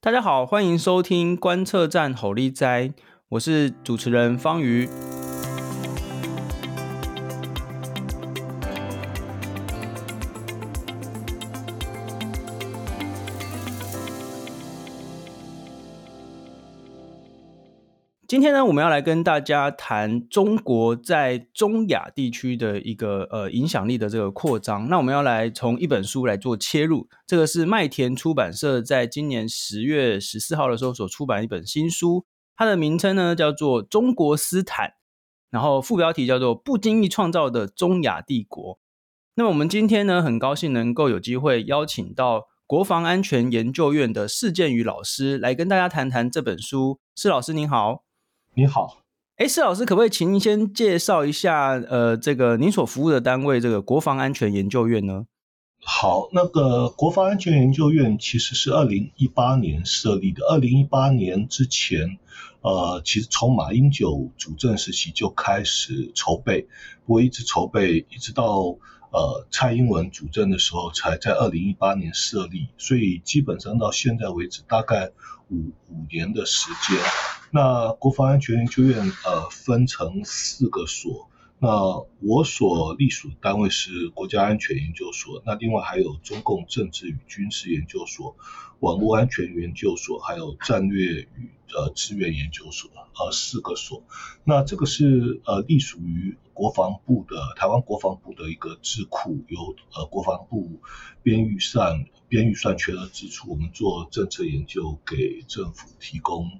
大家好，歡迎收聽觀測站予你知，我是主持人方瑜。今天呢，我們要來跟大家談中國在中亞地區的一個呃影響力的這個擴張。那我們要來從一本書來做切入，這個是麥田出版社在今年十月十四號的時候所出版一本新書，它的名稱呢叫做《中國斯坦》，然後副標題叫做《不經意創造的中亞帝國》。那麼我們今天呢，很高興能夠有機會邀請到國防安全研究院的侍建宇老師來跟大家談談這本書。侍老師您好。你好，哎，侍老師，可不可以請您先介紹一下，呃，這個您所服務的單位，這個國防安全研究院呢？好，那個國防安全研究院其實是二零一八年設立的。二零一八年之前，呃，其實從馬英九主政時期就開始籌備，我一直籌備，一直到呃蔡英文主政的時候才在二零一八年設立，所以基本上到現在為止，大概五五年的時間。那國防安全研究院呃，分成四個所，那我所隸屬單位是國家安全研究所，那另外還有中共政治與軍事研究所、網絡安全研究所，還有戰略與呃資源研究所，呃四個所。那這個是呃隸屬於國防部的台灣國防部的一個智庫，由呃國防部編預算編預算全額支出，我們做政策研究給政府提供。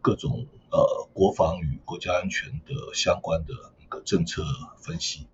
各種呃國防與國家安全的相關的一個政策分析，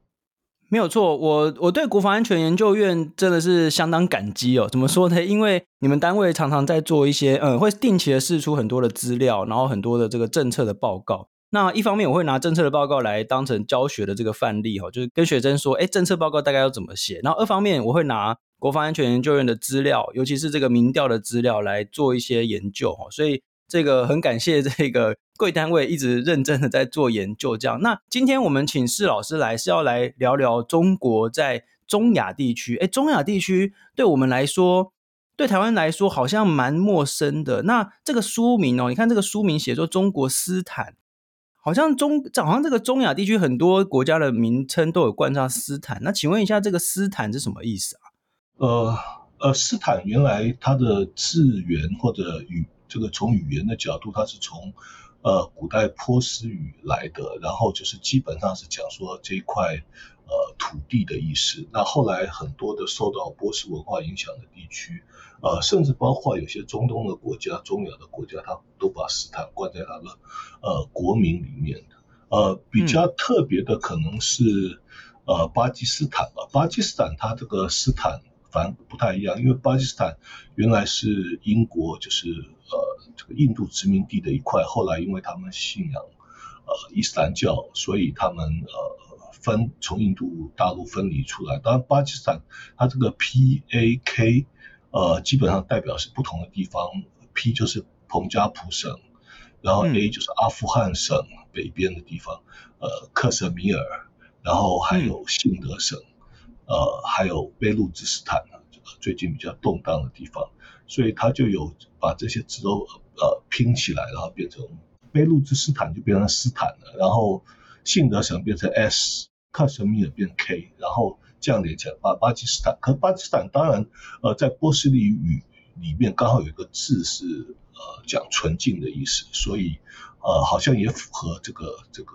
沒有錯。我我對國防安全研究院真的是相當感激哦。怎麼說呢？因為你們單位常常在做一些，嗯，會定期的釋出很多的資料，然後很多的這個政策的報告。那一方面，我會拿政策的報告來當成教學的這個範例哈、哦，就是跟學生說，哎，政策報告大概要怎麼寫。然後二方面，我會拿國防安全研究院的資料，尤其是這個民調的資料來做一些研究哈、哦。所以。這個很感謝這個貴單位一直認真的在做研究。這樣，那今天我們請侍老師來是要來聊聊中國在中亞地區。哎，中亞地區對我們來說，對台灣來說好像蠻陌生的。那這個書名哦，你看這個書名寫作“中國斯坦”，好像中好像這個中亞地區很多國家的名稱都有冠上“斯坦”。那請問一下，這個“斯坦”是什麼意思啊？呃呃，斯坦原來它的字源或者語。這個從語言的角度，它是從呃古代波斯語來的，然後就是基本上是講說這一塊呃土地的意思。那後來很多的受到波斯文化影響的地區，呃，甚至包括有些中東的國家、中亞的國家，它都把斯坦冠在那個呃國名裡面的。呃，比較特別的可能是、嗯、呃巴基斯坦吧。巴基斯坦它這個斯坦反不太一樣，因為巴基斯坦原來是英國就是。呃，這個印度殖民地的一塊，後來因為他們信仰呃伊斯蘭教，所以他們呃分從印度大陸分離出來。當然，巴基斯坦它這個 P A K 呃基本上代表是不同的地方，P 就是彭加普省，然後 A 就是阿富汗省北邊的地方，嗯、呃克什米爾，然後還有信德省，嗯、呃還有俾路支斯坦這個最近比較動盪的地方。所以他就有把這些字都呃拼起來，然後變成俾路支斯坦就變成斯坦了，然後信德省變成 S，喀什米爾變 K，然後這樣連起來，把巴基斯坦。可是巴基斯坦當然呃在波斯語裡面剛好有一個字是呃講純淨的意思，所以呃好像也符合這個這個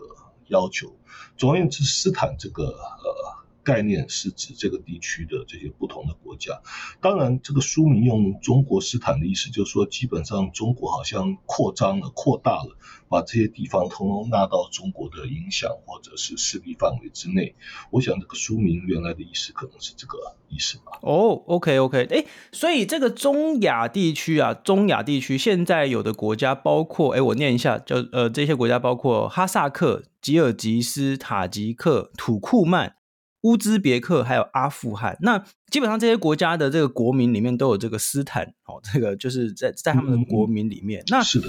要求。總而言之，斯坦這個呃。概念是指這個地區的這些不同的國家。當然，這個書名用中國斯坦的意思，就是說基本上中國好像擴張了、擴大了，把這些地方通通納到中國的影響或者是勢力範圍之內。我想這個書名原來的意思可能是這個意思吧。哦，OK OK，哎，所以這個中亞地區啊，中亞地區現在有的國家包括，哎，我念一下，叫呃，這些國家包括哈薩克、吉爾吉斯、塔吉克、土庫曼。烏茲別克還有阿富汗，那基本上這些國家的這個國名裡面都有這個斯坦，哦，這個就是在在他們的國名裡面。嗯、那為，是的，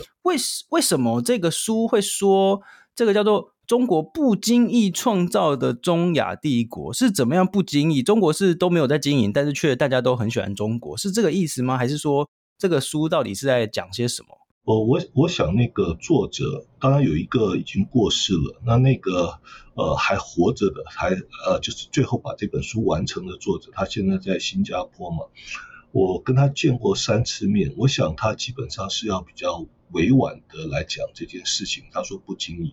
為什麼這個書會說這個叫做中國不經意創造的中亞帝國是怎麼樣不經意？中國是都沒有在經營，但是卻大家都很喜歡中國，是這個意思嗎？還是說這個書到底是在講些什麼？我我我想那個作者，當然有一個已經過世了。那那個呃還活着的，還呃就是最後把這本書完成的作者，他現在在新加坡嘛。我跟他見過三次面，我想他基本上是要比較委婉的來講這件事情。他說不經意，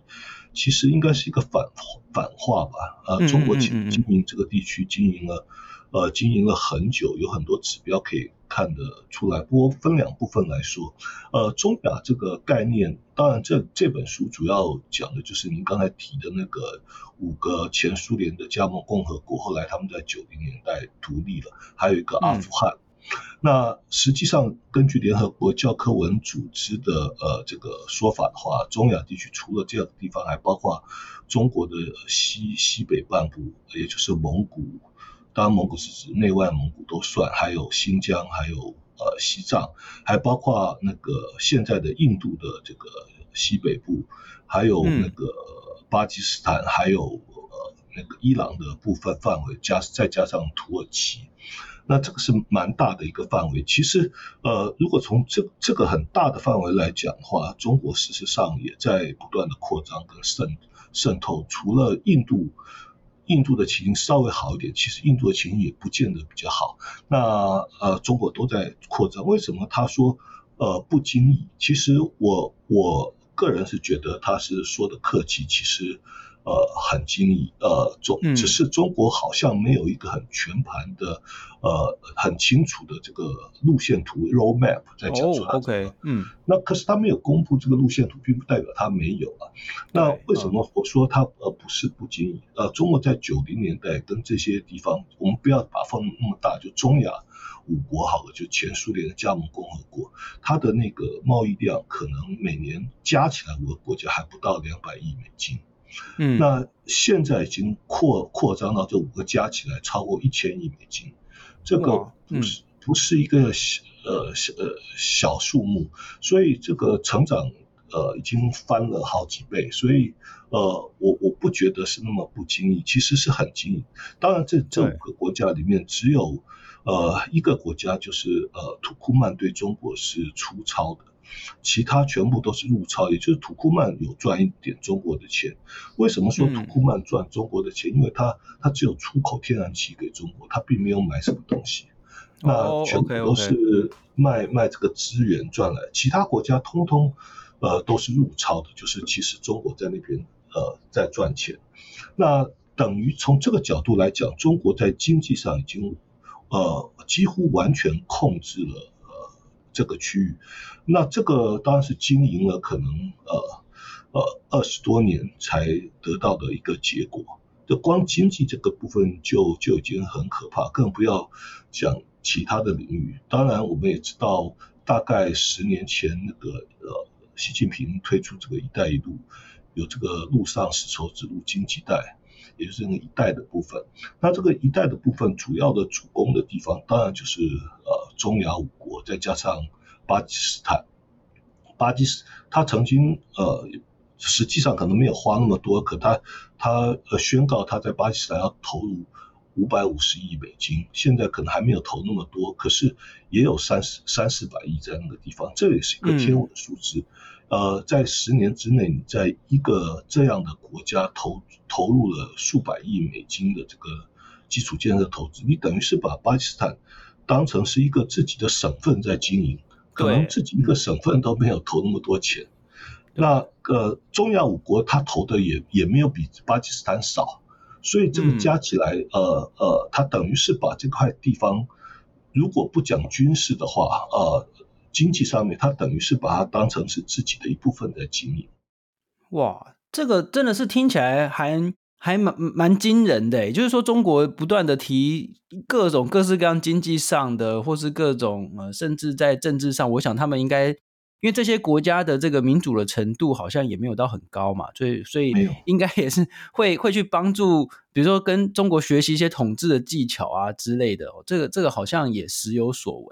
其實應該是一個反反話吧。呃，中國經經營這個地區經營了呃經營了很久，有很多指標可以。看得出來，不過分兩部分來說，呃，中亞這個概念，當然這這本書主要講的就是您剛才提的那個五個前蘇聯的加盟共和國，後來他們在九零年代獨立了，還有一個阿富汗，嗯。那實際上根據聯合國教科文組織的呃這個說法的話，中亞地區除了這樣的地方，還包括中國的西西北半部，也就是蒙古。當然蒙古是指內外蒙古都算，還有新疆，還有呃西藏，還包括那個現在的印度的這個西北部，還有那個巴基斯坦，嗯、還有、呃、那個伊朗的部分範圍，加再加上土耳其，那這個是蠻大的一個範圍。其實呃，如果從這這個很大的範圍來講的話，中國事實上也在不斷的擴張跟滲滲透，除了印度。印度的情形稍微好一點，其實印度的情形也不見得比較好。那呃，中國都在擴張，為什麼他說呃不經意？其實我我個人是覺得他是說的客氣，其實。呃，很經意，呃，中只是中國好像沒有一個很全盤的、嗯，呃，很清楚的這個路線圖 （road map） 在講出來。哦、okay，嗯。那可是他沒有公布這個路線圖，並不代表他沒有啊。那為什麼我說他呃，不是不經意？嗯、呃，中國在九零年代跟這些地方，我們不要把放那麼大，就中亞五國好了，就前蘇聯的加盟共和國，它的那個貿易量可能每年加起來五個國家還不到兩百億美金。嗯，那現在已經擴擴張到這五個加起來超過一千億美金，這個不是、哦、嗯、不是一個小呃呃小、小、小數目，所以這個成長呃已經翻了好幾倍，所以呃我我不覺得是那麼不經意，其實是很經意。當然，這這五個國家裡面只有呃一個國家就是呃土庫曼對中國是出超的。其他全部都是入超，也就是土庫曼有賺一點中國的錢。為什麼說土庫曼賺中國的錢？嗯、因為它它只有出口天然氣給中國，它並沒有買什麼東西。哦、那全部都是賣、哦、okay, okay 賣這個資源賺來。其他國家通通呃都是入超的，就是其實中國在那邊呃在賺錢。那等於從這個角度來講，中國在經濟上已經呃幾乎完全控制了。這個區域，那這個當然是經營了可能呃呃二十多年才得到的一個結果。就光經濟這個部分就，就就已經很可怕，更不要講其他的領域。當然，我們也知道，大概十年前那個呃，習近平推出這個“一帶一路”，有這個陸上絲綢之路經濟帶，也就是那個“一帶”的部分。那這個“一帶”的部分主要的主攻的地方，當然就是呃中亞五。我再加上巴基斯坦，巴基斯坦他曾經呃，實際上可能沒有花那麼多，可他他呃宣告他在巴基斯坦要投入五百五十億美金，現在可能還沒有投那麼多，可是也有三十三四百億在那個地方，這也是一個天文數字，嗯。呃，在十年之內，你在一個這樣的國家投投入了數百億美金的這個基礎建設投資，你等於是把巴基斯坦，當成是一個自己的省份在經營，可能自己一個省份都沒有投那麼多錢。嗯、那呃，中亞五國他投的也也沒有比巴基斯坦少，所以這個加起來，呃、嗯、呃，他、呃、等於是把這塊地方，如果不講軍事的話，呃，經濟上面他等於是把它當成是自己的一部分在經營。哇，這個真的是聽起來還，還蠻蠻驚人的。欸，就是說，中國不斷的提各種各式各樣經濟上的，或是各種呃，甚至在政治上，我想他們應該，因為這些國家的這個民主的程度好像也沒有到很高嘛，所以所以應該也是會會去幫助，比如說跟中國學習一些統治的技巧啊之類的。喔，這個這個好像也時有所聞。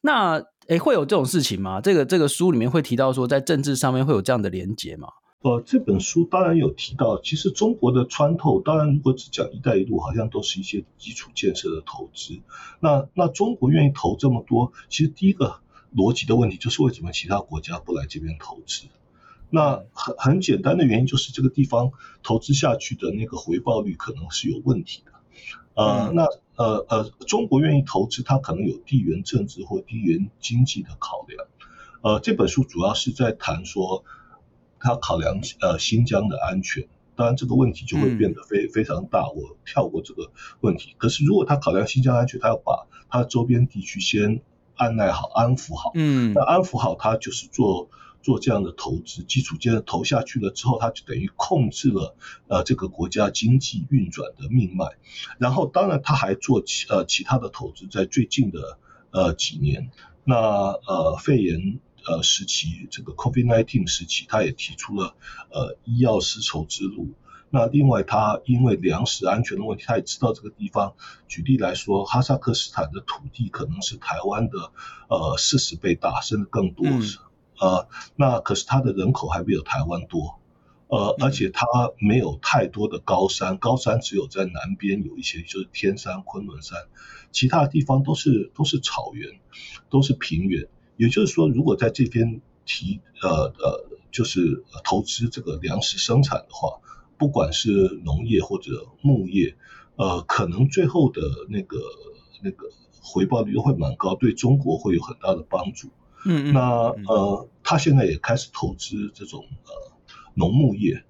那哎、欸，會有這種事情嗎？這個這個書裡面會提到說，在政治上面會有這樣的連結嗎？呃，這本書當然有提到，其實中國的穿透，當然如果只講“一帶一路”，好像都是一些基礎建設的投資。那那中國願意投這麼多，其實第一個邏輯的問題就是為什麼其他國家不來這邊投資？那很很簡單的原因就是這個地方投資下去的那個回報率可能是有問題的。嗯、呃，那呃呃，中國願意投資，它可能有地緣政治或地緣經濟的考量。呃，這本書主要是在談說。他考量呃，新疆的安全，當然這個問題就會變得非非常大、嗯。我跳過這個問題，可是如果他考量新疆安全，他要把他周邊地區先按捺好、安撫好。嗯，那安撫好他就是做做這樣的投資，基礎建設投下去了之後，他就等於控制了呃，這個國家經濟運轉的命脈。然後當然他還做其、呃，其他的投資，在最近的呃幾年，那呃，肺炎。呃，時期這個 COVID-19 時期，他也提出了呃醫藥絲綢之路。那另外，他因為糧食安全的問題，他也知道這個地方。舉例來說，哈薩克斯坦的土地可能是台灣的呃四十倍大，甚至更多。嗯。呃，那可是他的人口還沒有台灣多。呃，而且他沒有太多的高山，嗯、高山只有在南邊有一些，就是天山、崑崙山，其他的地方都是都是草原，都是平原。也就是說，如果在這邊提呃、呃，就是投資這個糧食生產的話，不管是農業或者牧業，呃，可能最後的那個那個回報率會蠻高，對中國會有很大的幫助。嗯，嗯，嗯。那呃，他現在也開始投資這種呃農牧業。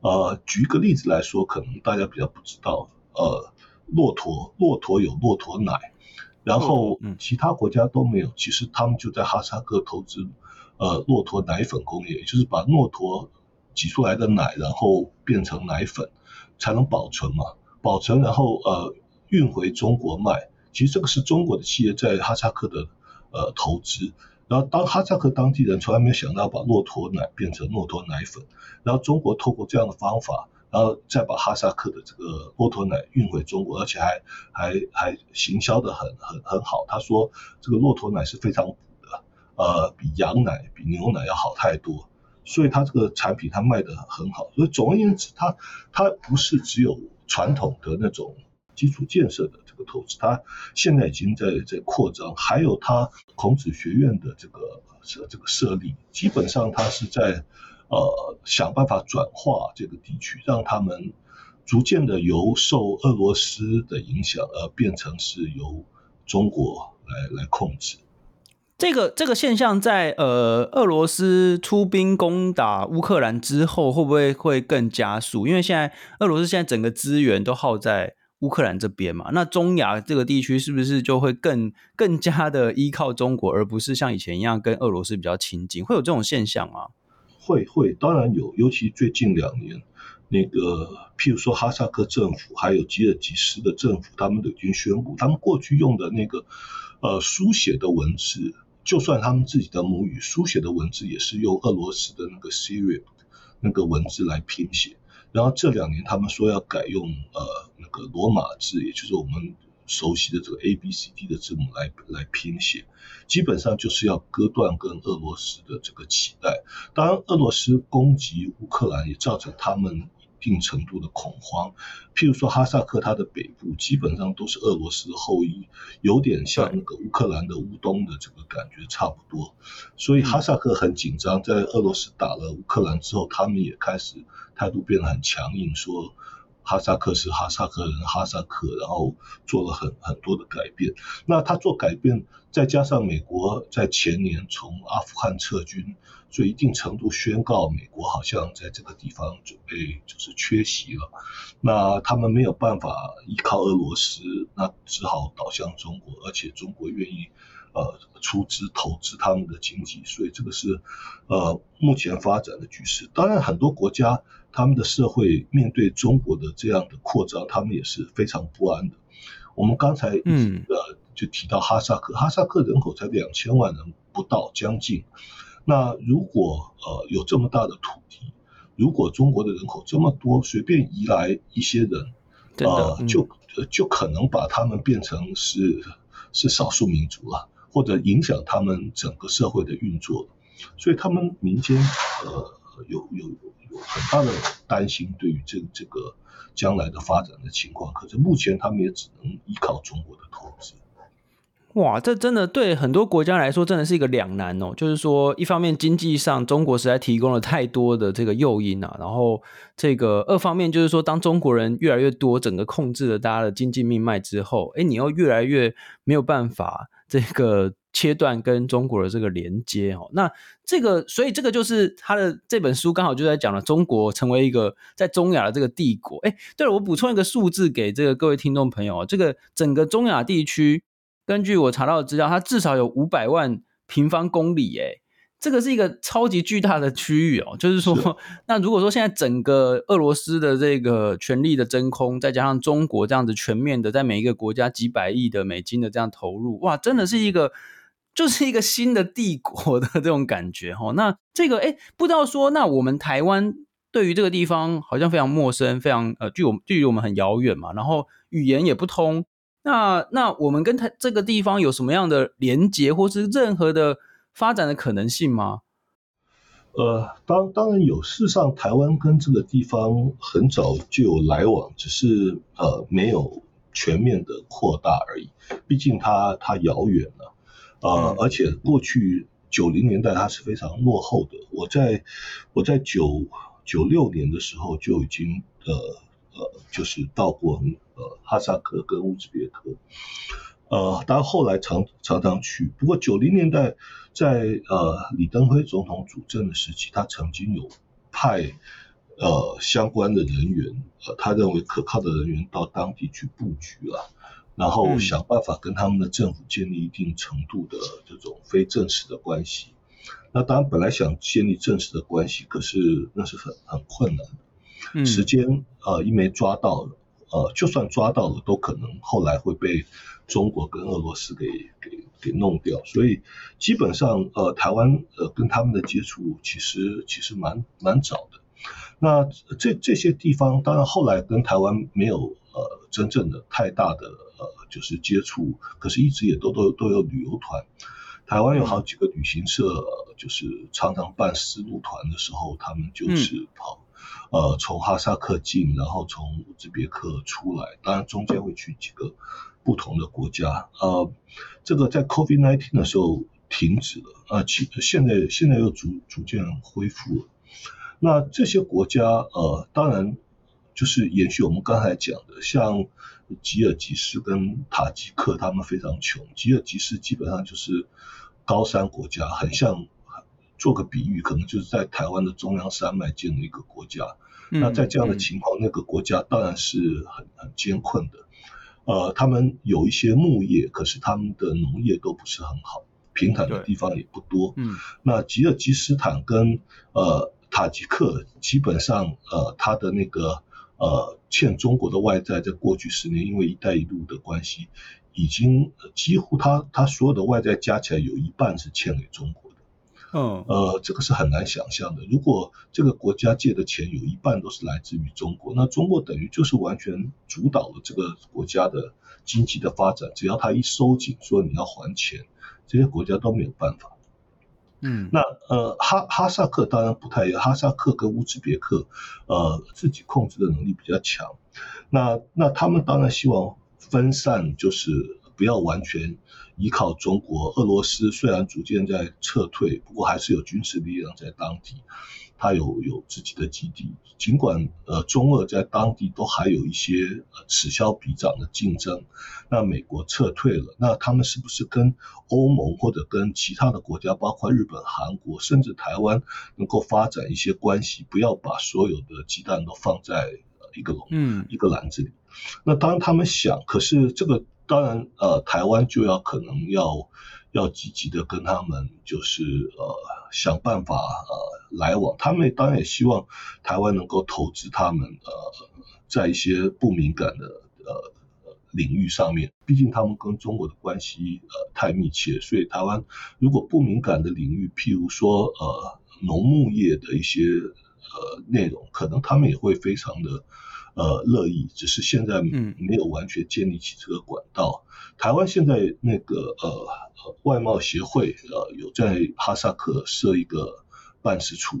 呃，舉個例子來說，可能大家比較不知道，呃，駱駝，駱駝有駱駝奶。然後嗯其他國家都沒有，其實他們就在哈薩克投資，呃，駱駝奶粉工業，就是把駱駝擠出來的奶，然後變成奶粉，才能保存嘛，保存然後呃運回中國賣。其實這個是中國的企業在哈薩克的呃投資，然後當哈薩克當地人從來沒有想到把駱駝奶變成駱駝奶粉，然後中國透過這樣的方法。然後再把哈薩克的這個駱駝奶運回中國，而且還還還行銷得很很很好。他說這個駱駝奶是非常補的，呃，比羊奶、比牛奶要好太多，所以他這個產品他賣得很好。所以總而言之他，他他不是只有傳統的那種基礎建設的這個投資，他現在已經在在擴張，還有他孔子學院的這個設這個設立，基本上他是在。呃，想辦法轉化這個地區，讓他們逐漸的由受俄羅斯的影響，而變成是由中國來來控制。這個這個現象在，在呃，俄羅斯出兵攻打烏克蘭之後，會不會會更加速？因為現在俄羅斯現在整個資源都耗在烏克蘭這邊嘛，那中亞這個地區是不是就會更更加的依靠中國，而不是像以前一樣跟俄羅斯比較親近？會有這種現象啊？會會，當然有，尤其最近兩年，那個譬如說哈薩克政府，還有吉爾吉斯的政府，他們都已經宣佈，他們過去用的那個呃書寫的文字，就算他們自己的母語書寫的文字，也是用俄羅斯的那個 Cyril 那個文字來拼寫，然後這兩年他們說要改用呃那個羅馬字，也就是我們。熟悉的這個 A B C D 的字母來來拼寫，基本上就是要割斷跟俄羅斯的這個臍帶。當然，俄羅斯攻擊烏克蘭也造成他們一定程度的恐慌。譬如說，哈薩克它的北部基本上都是俄羅斯的後裔，有點像那個烏克蘭的烏東的這個感覺差不多。所以哈薩克很緊張，在俄羅斯打了烏克蘭之後，他們也開始態度變得很強硬，說。哈薩克斯坦、哈薩克人，哈薩克，然後做了很很多的改變。那他做改變，再加上美國在前年從阿富汗撤軍，所以一定程度宣告美國好像在這個地方準備就是缺席了。那他們沒有辦法依靠俄羅斯，那只好倒向中國，而且中國願意呃出資投資他們的經濟，所以這個是呃目前發展的局勢。當然，很多國家。他們的社會面對中國的這樣的擴張，他們也是非常不安的。我們剛才、嗯、呃就提到哈薩克，哈薩克人口才兩千萬人，不到將近。那如果呃有這麼大的土地，如果中國的人口這麼多，隨便移來一些人，呃，嗯、就就，就可能把他們變成是是少數民族了，啊，或者影響他們整個社會的運作。所以他們民間呃有有。有很大的擔心對於這這個將來的發展的情況，可是目前他們也只能依靠中國的投資。哇，這真的對很多國家來說真的是一個兩難哦，就是說一方面經濟上中國實在提供了太多的這個誘因啊，然後這個二方面就是說當中國人越來越多，整個控制了大家的經濟命脈之後，哎、欸，你又越來越沒有辦法這個。切斷跟中國的這個連接哦，那這個，所以這個就是他的這本書剛好就在講了中國成為一個在中亞的這個帝國。哎，對了，我補充一個數字給這個各位聽眾朋友，這個整個中亞地區，根據我查到的資料，它至少有五百萬平方公里，哎，這個是一個超級巨大的區域哦。就是說是，那如果說現在整個俄羅斯的這個權力的真空，再加上中國這樣子全面的在每一個國家幾百億的美金的這樣投入，哇，真的是一個。就是一個新的帝國的這種感覺。那這個哎，不知道說，那我們台灣對於這個地方好像非常陌生，非常呃，距我距離我們很遙遠嘛。然後語言也不通。那那我們跟台這個地方有什麼樣的連接，或是任何的發展的可能性嗎？呃，當當然有。事實上，台灣跟這個地方很早就有來往，只是呃沒有全面的擴大而已。畢竟它它遙遠了。呃，而且過去九零年代它是非常落後的。我在我在九九六年的時候就已經呃呃，就是到過呃哈薩克跟烏茲別克，呃，當然、呃、後來常常常去。不過九零年代在呃李登輝總統主政的時期，他曾經有派呃相關的人員，呃，他認為可靠的人員到當地去布局了。然後想辦法跟他們的政府建立一定程度的這種非正式的關係。那當然，本來想建立正式的關係，可是那是很很困難的。時間呃，一沒抓到了，呃，就算抓到了，都可能後來會被中國跟俄羅斯給給給弄掉。所以基本上呃，台灣呃跟他們的接觸其實其實蠻蠻早的。那這這些地方，當然後來跟台灣沒有。呃，真正的太大的呃，就是接觸，可是，一直也都都有都有旅游團。台灣有好幾個旅行社，嗯呃、就是常常辦絲路團的時候，他們就是跑、嗯、呃從哈薩克進，然後從烏茲別克出來，當然中間會去幾個不同的國家。呃，這個在 COVID-19 的時候停止了，啊、呃，其現在現在又逐逐漸恢復了。那這些國家，呃，當然。就是延續我們剛才講的，像吉爾吉斯跟塔吉克，他們非常窮。吉爾吉斯基本上就是高山國家，很像做個比喻，可能就是在台灣的中央山脈建了一個國家，嗯。那在這樣的情況，嗯，那個國家當然是很很艱困的。呃，他們有一些牧業，可是他們的農業都不是很好，平坦的地方也不多。嗯，那吉爾吉斯坦跟呃塔吉克基本上呃，他的那個。呃，欠中國的外債，在過去十年，因為“一帶一路”的關係，已經幾乎他他所有的外債加起來有一半是欠給中國的。嗯，呃，這個是很難想象的。如果這個國家借的錢有一半都是來自於中國，那中國等於就是完全主導了這個國家的經濟的發展。只要他一收緊，說你要還錢，這些國家都沒有辦法。嗯，那呃哈哈薩克當然不太一樣，哈薩克跟烏茲別克，呃自己控制的能力比較強，那那他們當然希望分散，就是不要完全依靠中國。俄羅斯雖然逐漸在撤退，不過還是有軍事力量在當地。他有有自己的基地，儘管呃，中俄在當地都還有一些呃此消彼長的競爭。那美國撤退了，那他們是不是跟歐盟或者跟其他的國家，包括日本、韓國，甚至台灣，能夠發展一些關係？不要把所有的雞蛋都放在一個籠、嗯，一個籃子裡。那當然他們想，可是這個當然呃，台灣就要可能要要積極的跟他們，就是呃，想辦法呃。來往，他們當然也希望台灣能夠投資他們。呃，在一些不敏感的呃領域上面，畢竟他們跟中國的關係呃太密切，所以台灣如果不敏感的領域，譬如說呃農牧業的一些呃內容，可能他們也會非常的呃樂意。只是現在嗯沒有完全建立起這個管道。嗯、台灣現在那個呃外貿協會呃有在哈薩克設一個。辦事處，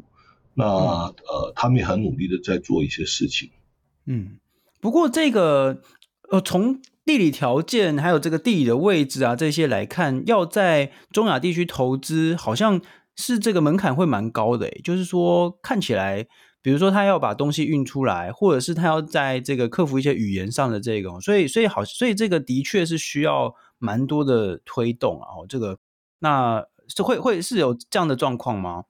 那呃，他們也很努力的在做一些事情。嗯，不過這個呃，從地理條件還有這個地理的位置啊這些來看，要在中亞地區投資，好像是這個門檻會蠻高的欸，就是說看起來，比如說他要把東西運出來，或者是他要在這個克服一些語言上的這種，所以所以好，所以這個的確是需要蠻多的推動啊。哦，這個那是會會是有這樣的狀況嗎？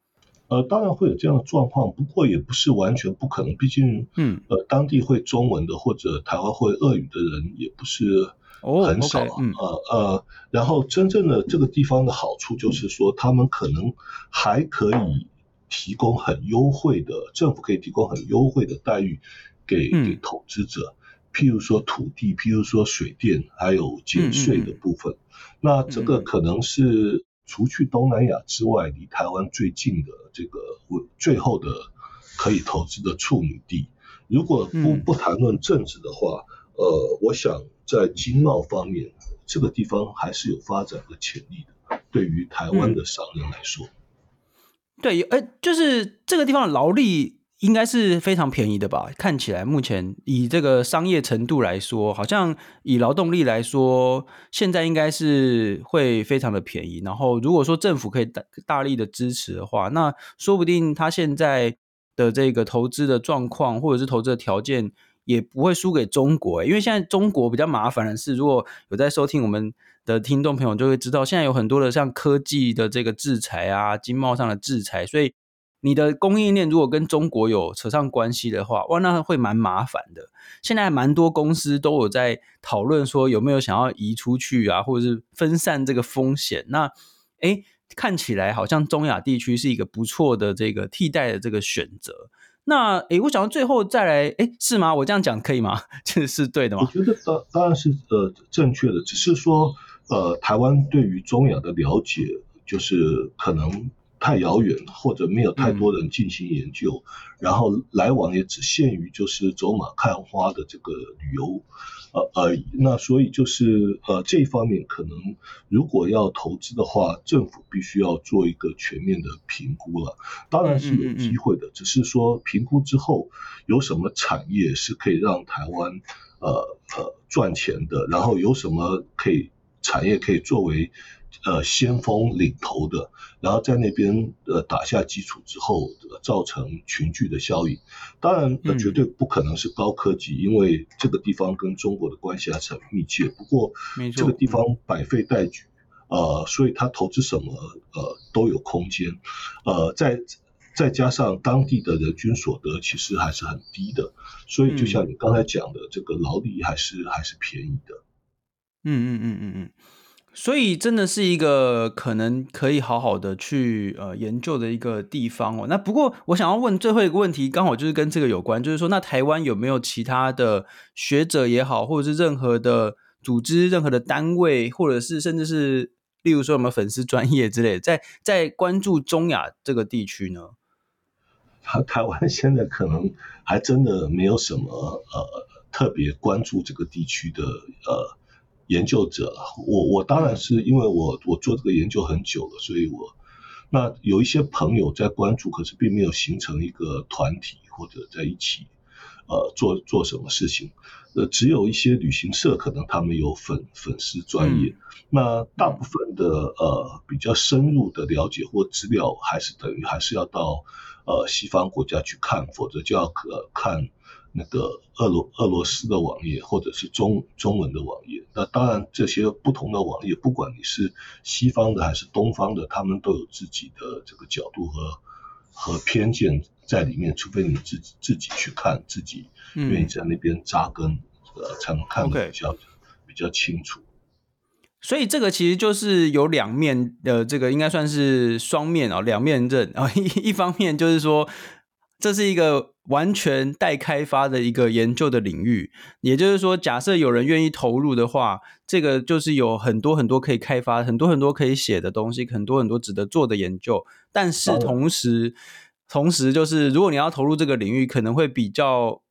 呃，當然會有這樣的狀況，不過也不是完全不可能。畢竟，嗯，呃，當地會中文的或者台灣會俄語的人也不是很少、哦嗯、呃呃，然後真正的這個地方的好處就是說，他們可能還可以提供很優惠的政府可以提供很優惠的待遇給給，給投資者、嗯，譬如說土地，譬如說水電，還有減稅的部分。嗯嗯、那這個可能是。除去東南亞之外，離台灣最近的這個最後的可以投資的處女地，如果不不談論政治的話，嗯，呃，我想在經貿方面，這個地方還是有發展的潛力的，對於台灣的商人來說，嗯、對，哎，就是這個地方的勞力。應該是非常便宜的吧？看起來目前以這個商業程度來說，好像以勞動力來說，現在應該是會非常的便宜。然後如果說政府可以大大力的支持的話，那說不定他現在的這個投資的狀況，或者是投資的條件，也不會輸給中國。哎，因為現在中國比較麻煩的是，如果有在收聽我們的聽眾朋友就會知道，現在有很多的像科技的這個制裁啊，經貿上的制裁，所以。你的供應鏈如果跟中國有扯上關係的話，哇，那會蠻麻煩的。現在蠻多公司都有在討論說有沒有想要移出去啊，或者是分散這個風險。那，誒、欸，看起來好像中亞地區是一個不錯的這個替代的這個選擇。那，誒、欸，我想到最後再來，誒、欸，是嗎？我這樣講可以嗎？這是對的嗎？我覺得當當然是呃正確的，只是說呃，台灣對於中亞的了解就是可能。太遙遠，或者沒有太多人進行研究，嗯，然後來往也只限於就是走馬看花的這個旅遊，呃呃，那所以就是呃這一方面可能如果要投資的話，政府必須要做一個全面的評估了。當然是有機會的，嗯，只是說評估之後有什麼產業是可以讓台灣呃呃賺錢的，然後有什麼可以產業可以作為呃，先鋒領頭的，然後在那邊呃打下基礎之後，呃，造成群聚的效應。當然，呃，絕對不可能是高科技，嗯，因為這個地方跟中國的關係還是很密切。不過，這個地方百廢待舉，呃，所以它投資什麼呃都有空間。呃，再再加上當地的人均所得其實還是很低的，所以就像你剛才講的，嗯，這個勞力還是還是便宜的。嗯嗯嗯嗯嗯。嗯嗯所以真的是一個可能可以好好的去呃研究的一個地方哦。那不過我想要問最後一個問題，剛好就是跟這個有關，就是說那台灣有沒有其他的學者也好，或者是任何的組織、任何的單位，或者是甚至是例如說什麼粉絲專業之類，在在關注中亞這個地區呢？台台灣現在可能還真的沒有什麼呃特別關注這個地區的呃。研究者，我我當然是因為我我做這個研究很久了，所以我那有一些朋友在關注，可是並沒有形成一個團體或者在一起，呃，做做什麼事情，呃，只有一些旅行社可能他們有粉粉絲專業、嗯，那大部分的呃比較深入的了解或資料，還是等於還是要到呃西方國家去看，否則就要可看，那個俄羅俄羅斯的網頁，或者是中中文的網頁，那當然這些不同的網頁，不管你是西方的還是東方的，他們都有自己的這個角度和和偏見在裡面。除非你自己自己去看，自己願意在那邊扎根、嗯，呃，才能看得比較、Okay. 比較清楚。所以這個其實就是有兩面，的、呃，這個應該算是雙面啊，兩面刃啊、哦。一一方面就是說。這是一個完全待開發的一個研究的領域，也就是說，假設有人願意投入的話，這個就是有很多很多可以開發、很多很多可以寫的東西，很多很多值得做的研究。但是同時，哦、同時就是如果你要投入這個領域，可能會比較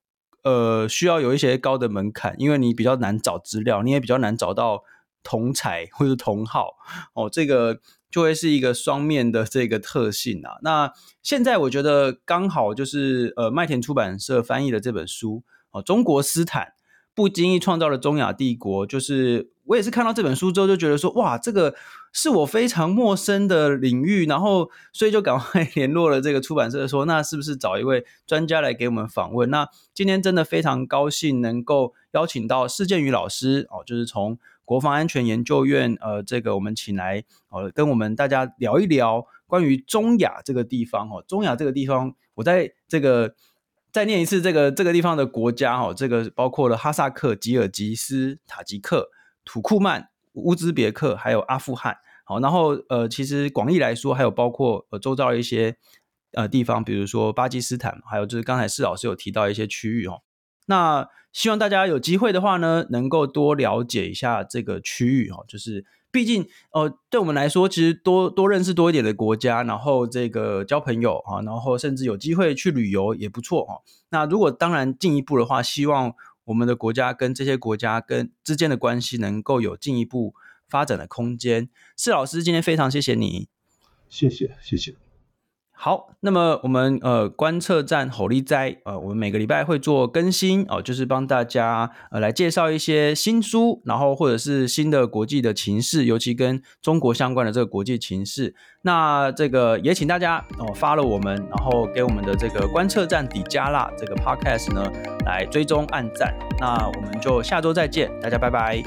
呃需要有一些高的門檻，因為你比較難找資料，你也比較難找到同才或者同好哦，這個。就會是一個雙面的這個特性啊。那現在我覺得剛好就是呃，麥田出版社翻譯的這本書哦，《中國斯坦不經意創造了中亞帝國》，就是我也是看到這本書之後就覺得說，哇，這個是我非常陌生的領域，然後所以就趕快聯絡了這個出版社，說那是不是找一位專家來給我們訪問？那今天真的非常高興能夠邀請到侍建宇老師哦，就是從。國防安全研究院，呃，這個我們請來，呃、哦，跟我們大家聊一聊關於中亞這個地方，哦，中亞這個地方，我再這個再念一次這個這個地方的國家，哈、哦，這個包括了哈薩克、吉爾吉斯、塔吉克、土庫曼、烏茲別克、還有阿富汗，好、哦，然後呃，其實廣義來說，還有包括呃周遭一些呃地方，比如說巴基斯坦，還有就是剛才侍老師有提到一些區域，哈、哦，那。希望大家有機會的話呢，能夠多了解一下這個區域哈，就是畢竟呃，對我們來說，其實多多認識多一點的國家，然後這個交朋友啊，然後甚至有機會去旅遊也不錯哈。那如果當然進一步的話，希望我們的國家跟這些國家跟之間的關係能夠有進一步發展的空間。侍老師，今天非常謝謝你，謝謝謝謝。好，那麼我們呃觀測站予你知，呃，我們每個禮拜會做更新哦、呃，就是幫大家呃來介紹一些新書，然後或者是新的國際的情勢，尤其跟中國相關的這個國際情勢。那這個也請大家哦 follow 我們，然後給我們的這個觀測站底加啦這個 podcast 呢來追蹤按讚。那我們就下周再見，大家拜拜。